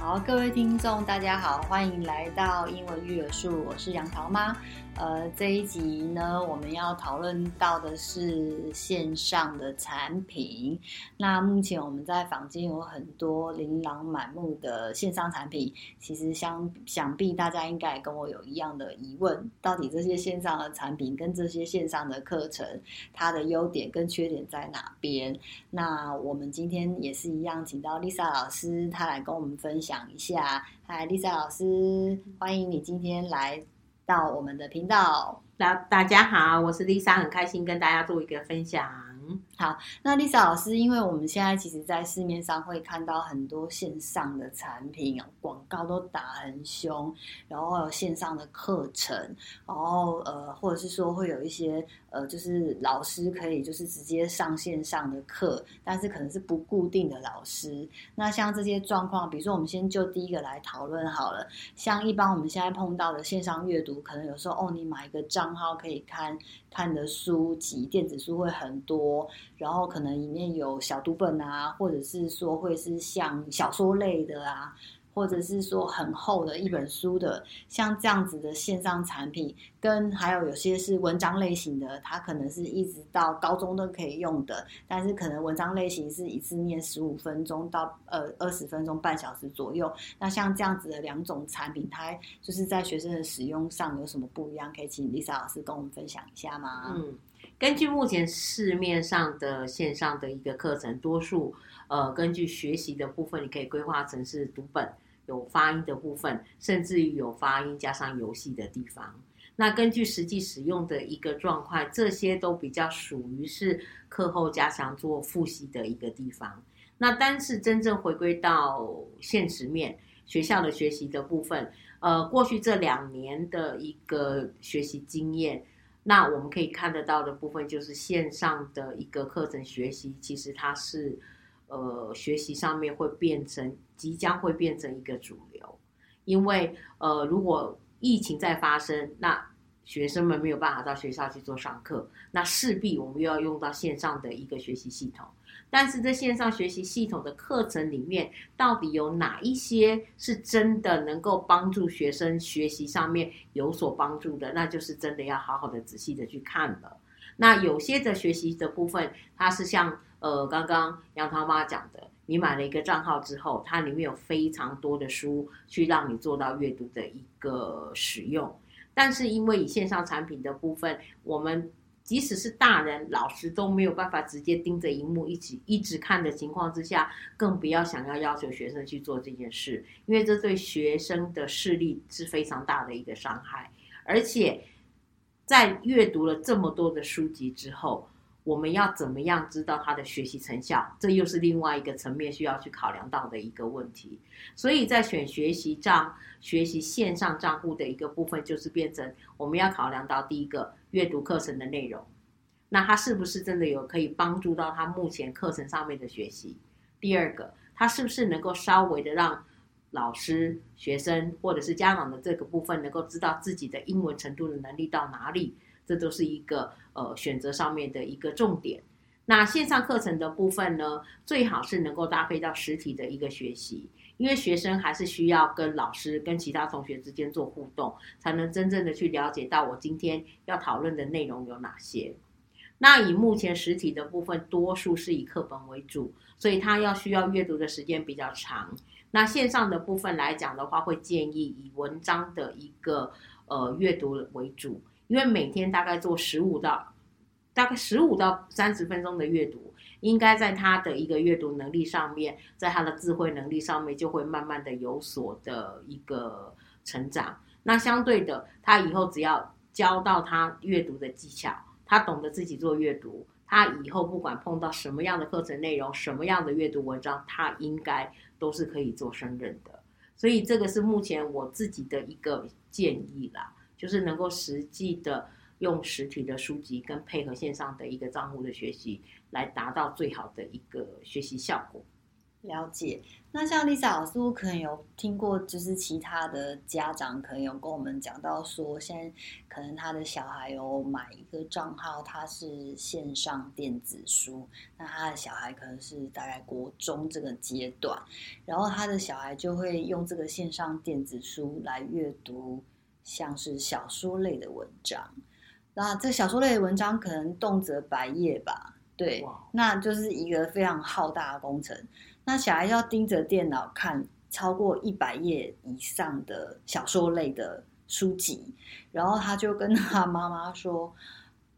好，各位聽眾，大家好，歡迎來到英文育兒樹，我是楊桃媽。呃，這一集呢，我們要討論到的是線上的產品。那目前我們在坊間有很多琳琅滿目的線上產品，其實相想必大家應該跟我有一樣的疑問：到底這些線上的產品跟這些線上的課程，它的優點跟缺點在哪邊？那我們今天也是一樣，請到 Lisa 老師，她來跟我們分享。講一下，嗨，Lisa 老師，歡迎你今天來到我們的頻道。大大家好，我是 Lisa，很開心跟大家做一個分享。好，那 Lisa 老師，因為我們現在其實，在市面上會看到很多線上的產品啊，廣告都打很兇，然後還有線上的課程，然後呃，或者是說會有一些呃，就是老師可以就是直接上線上的課，但是可能是不固定的老師。那像這些狀況，比如說我們先就第一個來討論好了，像一般我們現在碰到的線上閱讀，可能有時候哦，你買一個賬號可以看，看的書籍、電子書會很多。然後可能裡面有小讀本啊，或者是說會是像小說類的啊，或者是說很厚的一本書的，像這樣子的線上產品，跟還有有些是文章類型的，它可能是一直到高中都可以用的，但是可能文章類型是一次念十五分鐘到呃二十分鐘半小時左右。那像這樣子的兩種產品，它就是在學生的使用上有什麼不一樣？可以請 Lisa 老師跟我們分享一下嗎？嗯。根據目前市面上的線上的一個課程，多數呃根據學習的部分，你可以規劃成是讀本有發音的部分，甚至於有發音加上遊戲的地方。那根據實際使用的一個狀況，這些都比較屬於是課後加強做複習的一個地方。那但是真正回歸到現實面，學校的學習的部分，呃，過去這兩年的一個學習經驗。那我們可以看得到的部分，就是線上的一個課程學習，其實它是，呃，學習上面會變成即將會變成一個主流，因為呃，如果疫情再發生，那學生們沒有辦法到學校去做上課，那勢必我們又要用到線上的一個學習系統。但是在線上學習系統的課程裡面，到底有哪一些是真的能夠幫助學生學習上面有所幫助的？那就是真的要好好的仔細的去看了。那有些的學習的部分，它是像呃剛剛楊濤媽講的，你買了一個賬號之後，它裡面有非常多的書去讓你做到閱讀的一個使用，但是因為以線上產品的部分，我們。即使是大人、老師都沒有辦法直接盯着熒幕一起一直看的情況之下，更不要想要要求學生去做這件事，因為這對學生的視力是非常大的一個傷害。而且在閱讀了這麼多的書籍之後。我們要怎麼樣知道他的學習成效？這又是另外一個層面需要去考量到的一個問題。所以在選學習賬、學習線上賬戶的一個部分，就是變成我們要考量到第一個閱讀課程的內容，那他是不是真的有可以幫助到他目前課程上面的學習？第二個，他是不是能夠稍微的讓老師、學生或者是家長的這個部分能夠知道自己的英文程度的能力到哪裡？這都是一個呃選擇上面的一個重點。那線上課程的部分呢，最好是能夠搭配到實體的一個學習，因為學生還是需要跟老師、跟其他同學之間做互動，才能真正的去了解到我今天要討論的內容有哪些。那以目前實體的部分，多數是以課本為主，所以他要需要閱讀的時間比較長。那線上的部分來講的話，會建議以文章的一個呃閱讀為主。因為每天大概做十五到，大概十五到三十分鐘的閱讀，應該在他的一個閱讀能力上面，在他的智慧能力上面就會慢慢的有所的一個成長。那相對的，他以後只要教到他閱讀的技巧，他懂得自己做閱讀，他以後不管碰到什麼樣的課程內容，什麼樣的閱讀文章，他應該都是可以做勝任的。所以這個是目前我自己的一個建議啦。就是能夠實際的用實體的書籍跟配合線上的一個賬戶的學習，來達到最好的一個學習效果。了解。那像麗莎老師，我可能有聽過，就是其他的家長可能有跟我們講到說，現在可能他的小孩有買一個賬號他是線上電子書，那他的小孩可能是大概國中這個階段，然後他的小孩就會用這個線上電子書來閱讀。像是小說類的文章，那這小說類的文章可能動輒百頁吧，對，Wow. 那就是一個非常浩大的工程。那小孩要盯着電腦看超過一百頁以上的小說類的書籍，然後他就跟他媽媽說。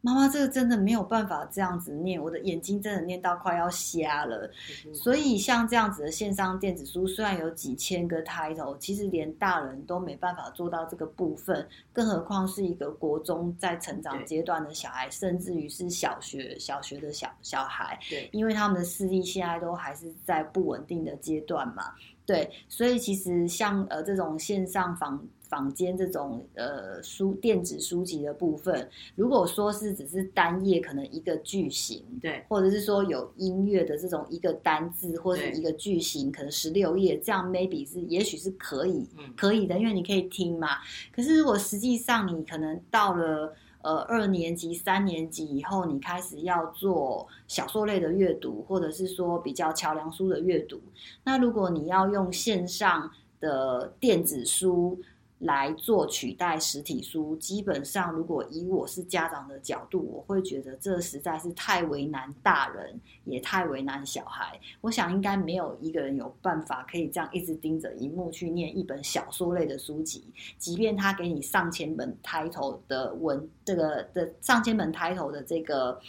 媽媽，這個真的沒有辦法這樣子念，我的眼睛真的念到快要瞎了。嗯、哼所以像這樣子的線上電子書，雖然有幾千個 title，其實連大人都沒辦法做到這個部分，更何況是一個國中在成長階段的小孩，對甚至於是小學小學的小小孩，對，因為他們的視力現在都還是在不穩定的階段嘛，對，所以其實像呃這種線上房。房間這種呃書、電子書籍的部分，如果說是只是單頁，可能一個句型，對，或者是說有音樂的這種一個單字或者一個句型，對可能十六頁，這樣 maybe 是也許是可以，可以的，因為你可以聽嘛。嗯、可是如果實際上你可能到了呃二年級、三年級以後，你開始要做小說類的閱讀，或者是說比較橋梁書的閱讀，那如果你要用線上的電子書，來做取代實體書，基本上如果以我是家長的角度，我會覺得這實在是太為難大人，也太為難小孩。我想應該沒有一個人有辦法可以這樣一直盯着螢幕去念一本小說類的書籍，即便他給你上千本抬頭的文，這個的上千本抬頭的這個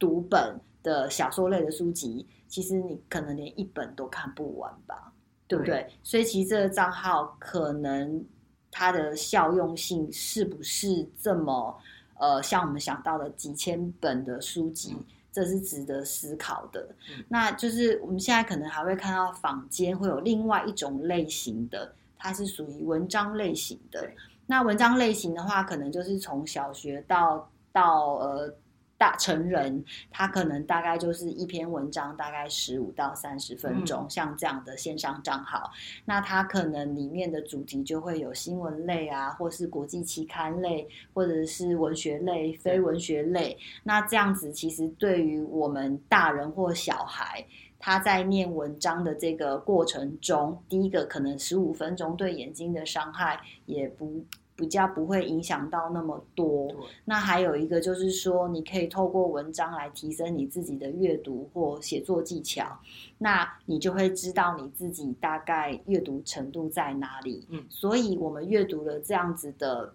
讀本的小說類的書籍，其實你可能連一本都看不完吧，對不對？對。所以其實這個賬號可能。它的效用性是不是這麼呃，像我們想到的幾千本的書籍，這是值得思考的。嗯、那就是我們現在可能還會看到坊間會有另外一種類型的，它是屬於文章類型的。對那文章類型的話，可能就是從小學到到呃。大成人，他可能大概就是一篇文章大概十五到三十分鐘，嗯、像這樣的線上賬號，那他可能裡面的主題就會有新聞類啊，或是國際期刊類，或者是文學類、非文學類。嗯、那這樣子其實對於我們大人或小孩，他在念文章的這個過程中，第一個可能十五分鐘對眼睛的傷害也不，比較不會影響到那麼多。對那還有一個就是說，你可以透過文章來提升你自己的閱讀或寫作技巧，那你就會知道你自己大概閱讀程度在哪裡。嗯，所以我們閱讀了這樣子的。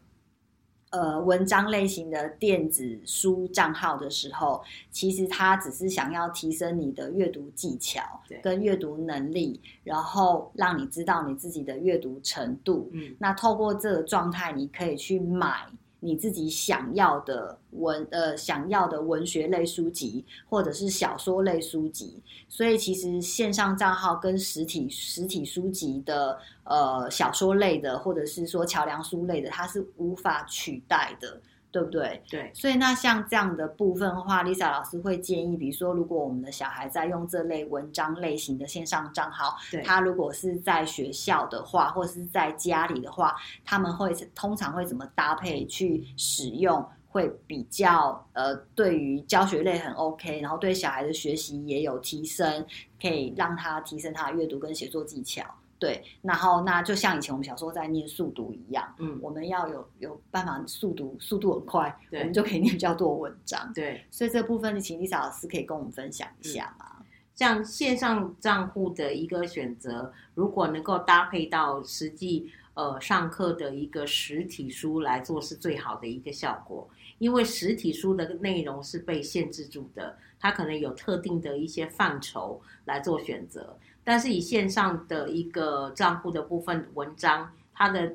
呃，文章類型的電子書賬號的時候，其實它只是想要提升你的閱讀技巧跟閱讀能力，對然後讓你知道你自己的閱讀程度。嗯，那透過這個狀態，你可以去買。你自己想要的文，呃，想要的文學類書籍或者是小說類書籍，所以其實線上賬號跟實體實體書籍的呃，小說類的或者是說橋梁書類的，它是無法取代的。對不對？對，所以那像這樣的部分的話，Lisa 老師會建議，比如說，如果我們的小孩在用這類文章類型的線上賬號，對他如果是在學校的話，或是在家裡的話，他們會通常會怎麼搭配去使用？會比較呃，對於教學類很 OK，然後對小孩的學習也有提升，可以讓他提升他的閱讀跟寫作技巧。對，然後那就像以前我們小時候在念速讀一樣，嗯，我們要有有辦法速讀，速度很快，對我們就可以念比較多文章。對，所以這部分，請李老師可以跟我們分享一下嘛、嗯。像線上賬戶的一個選擇，如果能夠搭配到實際呃上課的一個實體書來做，是最好的一個效果，因為實體書的內容是被限制住的，它可能有特定的一些範疇來做選擇。但是以線上的一個賬戶的部分文章，它的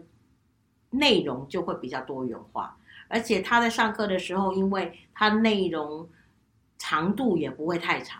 內容就會比較多元化，而且他在上課的時候，因為它內容長度也不會太長，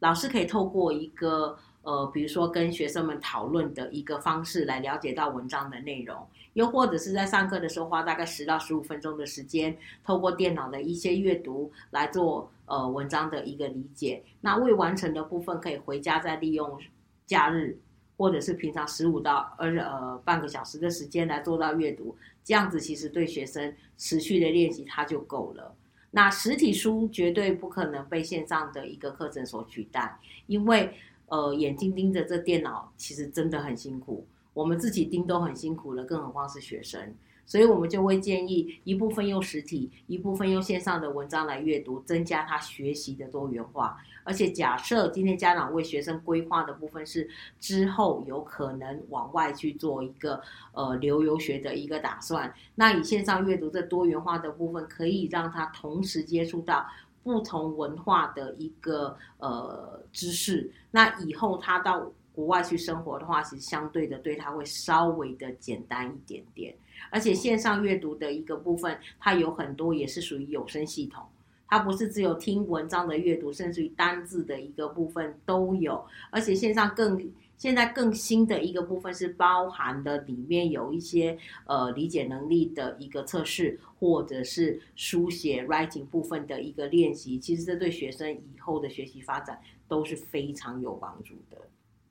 老師可以透過一個呃，比如說跟學生們討論的一個方式來了解到文章的內容，又或者是在上課的時候花大概十到十五分鐘的時間，透過電腦的一些閱讀來做呃文章的一個理解，那未完成的部分可以回家再利用，假日，或者是平常十五到二十呃半個小時的時間來做到閱讀，這樣子其實對學生持續的練習它就夠了。那實體書絕對不可能被線上的一個課程所取代，因為呃眼睛盯着這電腦其實真的很辛苦，我們自己盯都很辛苦了，更何況是學生。所以，我們就會建議一部分用實體，一部分用線上的文章來閱讀，增加他學習的多元化。而且，假設今天家長為學生規劃的部分是之後有可能往外去做一個呃留遊學的一個打算，那以線上閱讀這多元化的部分，可以讓他同時接觸到不同文化的一個呃知識，那以後他到國外去生活的話，其實相對的對它會稍微的簡單一點點，而且線上閱讀的一個部分，它有很多也是屬於有聲系統，它不是只有聽文章的閱讀，甚至於單字的一個部分都有，而且線上更現在更新的一個部分是包含的裡面有一些呃理解能力的一個測試，或者是書寫 writing 部分的一個練習，其實這對學生以後的學習發展都是非常有幫助的。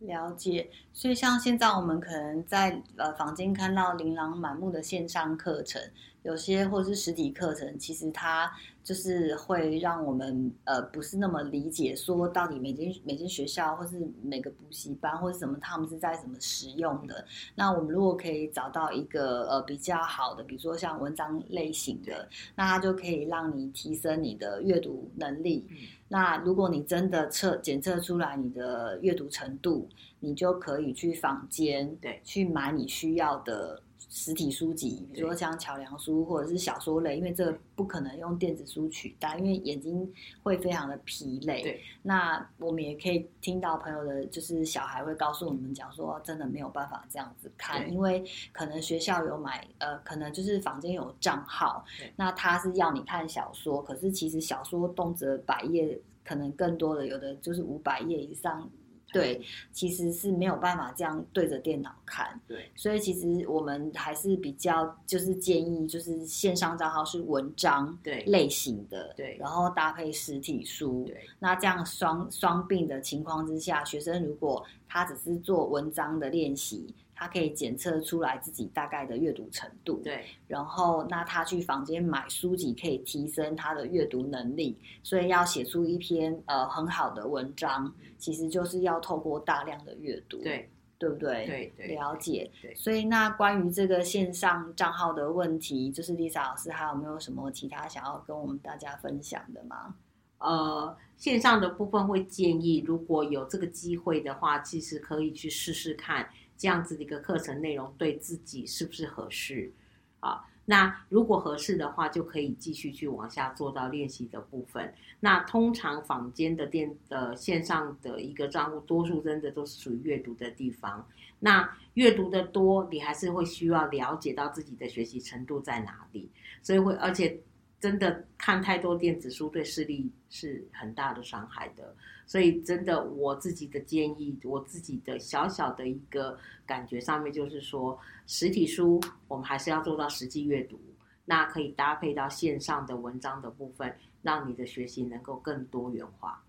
了解，所以像現在我們可能在呃房間看到琳琅滿目的線上課程。有些或是實體課程，其實它就是會讓我們呃不是那麼理解，說到底每間每間學校或是每個補習班或是什麼，他們是在怎麼使用的。那我們如果可以找到一個呃比較好的，比如說像文章類型的，對那它就可以讓你提升你的閱讀能力。嗯、那如果你真的測檢測出來你的閱讀程度，你就可以去坊間對去買你需要的。實體書籍，比如說像橋梁書或者是小說類，因為這個不可能用電子書取代，因為眼睛會非常的疲累。對，那我們也可以聽到朋友的，就是小孩會告訴我們講說，真的沒有辦法這樣子看，對因為可能學校有買，呃，可能就是房間有賬號，對那他是要你看小說，可是其實小說動輒百頁，可能更多的有的就是五百頁以上。對，其實是沒有辦法這樣對着電腦看。對，所以其實我們還是比較就是建議，就是線上賬號是文章對類型的，對，然後搭配實體書。對，那這樣雙雙併的情況之下，學生如果他只是做文章的練習。他可以檢測出來自己大概的閱讀程度，對。然後，那他去房間買書籍，可以提升他的閱讀能力。所以，要寫出一篇呃很好的文章，其實就是要透過大量的閱讀，對對不對？對對，對對，了解。對。所以，那關於這個線上賬號的問題，對。就是 Lisa 老師還有沒有什麼其他想要跟我們大家分享的嗎？呃，線上的部分會建議，如果有這個機會的話，其實可以去試試看。這樣子的一個課程內容對自己是不是合適？啊，那如果合適的話，就可以繼續去往下做到練習的部分。那通常坊間的電的線上的一個賬戶，多數真的都是屬於閱讀的地方。那閱讀的多，你還是會需要了解到自己的學習程度在哪裡。所以會，而且。真的看太多電子書對視力是很大的傷害的，所以真的我自己的建議，我自己的小小的一個感覺上面就是說，實體書我們還是要做到實際閱讀，那可以搭配到線上的文章的部分，讓你的學習能夠更多元化。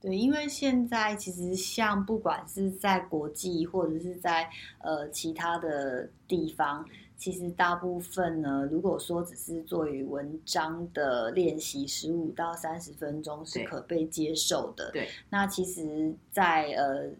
對，因為現在其實像不管是在國際或者是在呃其他的地方。其實大部分呢，如果說只是做於文章的練習，十五到三十分鐘是可被接受的。對，對那其實在，在呃，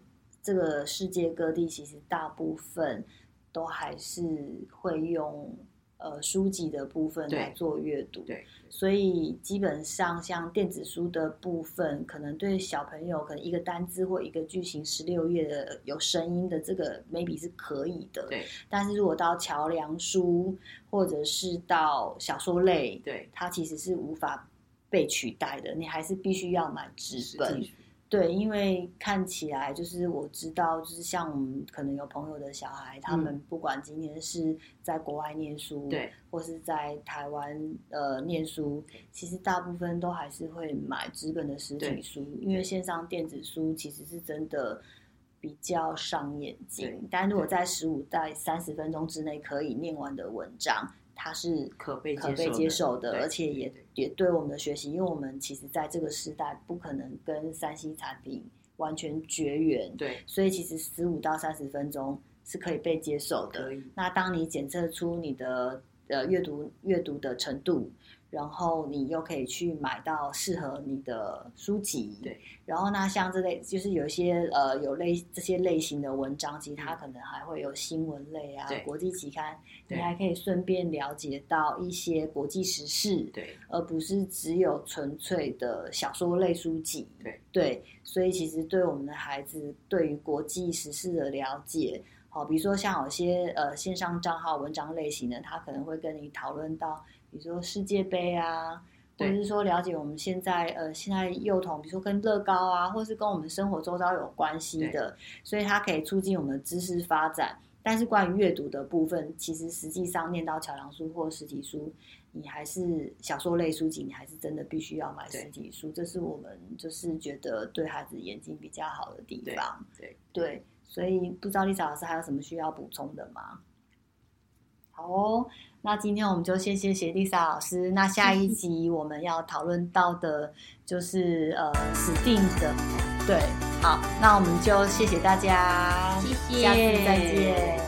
這個世界各地，其實大部分都還是會用。呃，書籍的部分來做閱讀，所以基本上像電子書的部分，可能對小朋友，可能一個單字或一個劇情十六頁的有聲音的這個 maybe 是可以的，對，但是如果到橋梁書或者是到小說類，對，對它其實是無法被取代的，你還是必須要買紙本。對，因為看起來就是我知道，就是像我們可能有朋友的小孩，嗯、他們不管今年是在國外唸書，對，或是在台灣呃唸書，其實大部分都還是會買紙本的實體書，對因為線上電子書其實是真的比較傷眼睛。但如果在十五到三十分鐘之內可以念完的文章。它是可被可接受的，受的對而且也對對也對我們的學習，因為我們其實在這個時代不可能跟三 C 產品完全絕緣，對，所以其實十五到三十分鐘是可以被接受的。以那當你檢測出你的呃閱讀閱讀的程度。然後你又可以去買到適合你的書籍，對。然後那像這類，就是有一些呃有類這些類型的文章，其實它可能還會有新聞類啊，對國際期刊，你還可以順便了解到一些國際時事，對。而不是只有純粹的小說類書籍，對。對，對，所以其實對我們的孩子對於國際時事的了解，好、哦，比如說像有些呃線上賬號文章類型的，他可能會跟你討論到。比如說世界盃啊，或者是說了解我們現在呃現在幼童，比如說跟樂高啊，或者是跟我們生活周遭有關係的，對所以它可以促進我們的知識發展。但是關於閱讀的部分，其實實際上念到橋梁書或實體書，你還是小說類書籍，你還是真的必須要買實體書。對這是我們就是覺得對孩子眼睛比較好的地方。對對，對，對，所以不知道麗莎老師還有什麼需要補充的嗎？好，那今天我們就謝謝麗 i 老師。那下一集我們要討論到的就是 呃指定的，對，好，那我們就謝謝大家，謝謝，下次再見。